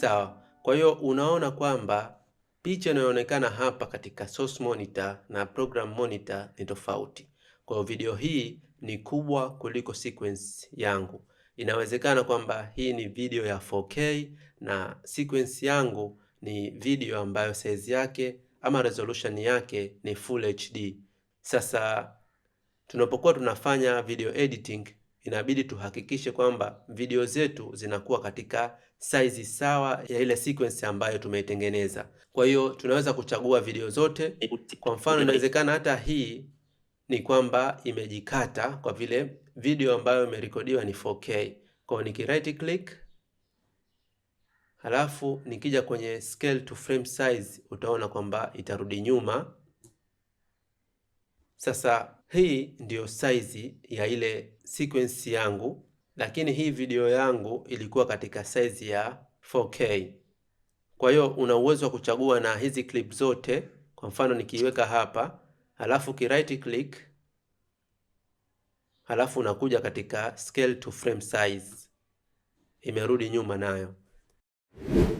Sawa, kwa hiyo unaona kwamba picha inayoonekana hapa katika source monitor na program monitor ni tofauti. Kwa hiyo video hii ni kubwa kuliko sequence yangu. Inawezekana kwamba hii ni video ya 4K na sequence yangu ni video ambayo size yake ama resolution yake ni full HD. Sasa tunapokuwa tunafanya video editing inabidi tuhakikishe kwamba video zetu zinakuwa katika saizi sawa ya ile sequence ambayo tumeitengeneza. Kwa hiyo tunaweza kuchagua video zote. Kwa mfano, inawezekana hata hii ni kwamba imejikata kwa vile video ambayo imerekodiwa ni 4K. Kwa hiyo niki right click halafu nikija kwenye scale to frame size utaona kwamba itarudi nyuma sasa hii ndiyo saizi ya ile sequence yangu, lakini hii video yangu ilikuwa katika saizi ya 4K. Kwa hiyo una uwezo wa kuchagua na hizi clip zote. Kwa mfano nikiiweka hapa, halafu ki right click, halafu unakuja katika scale to frame size, imerudi nyuma nayo.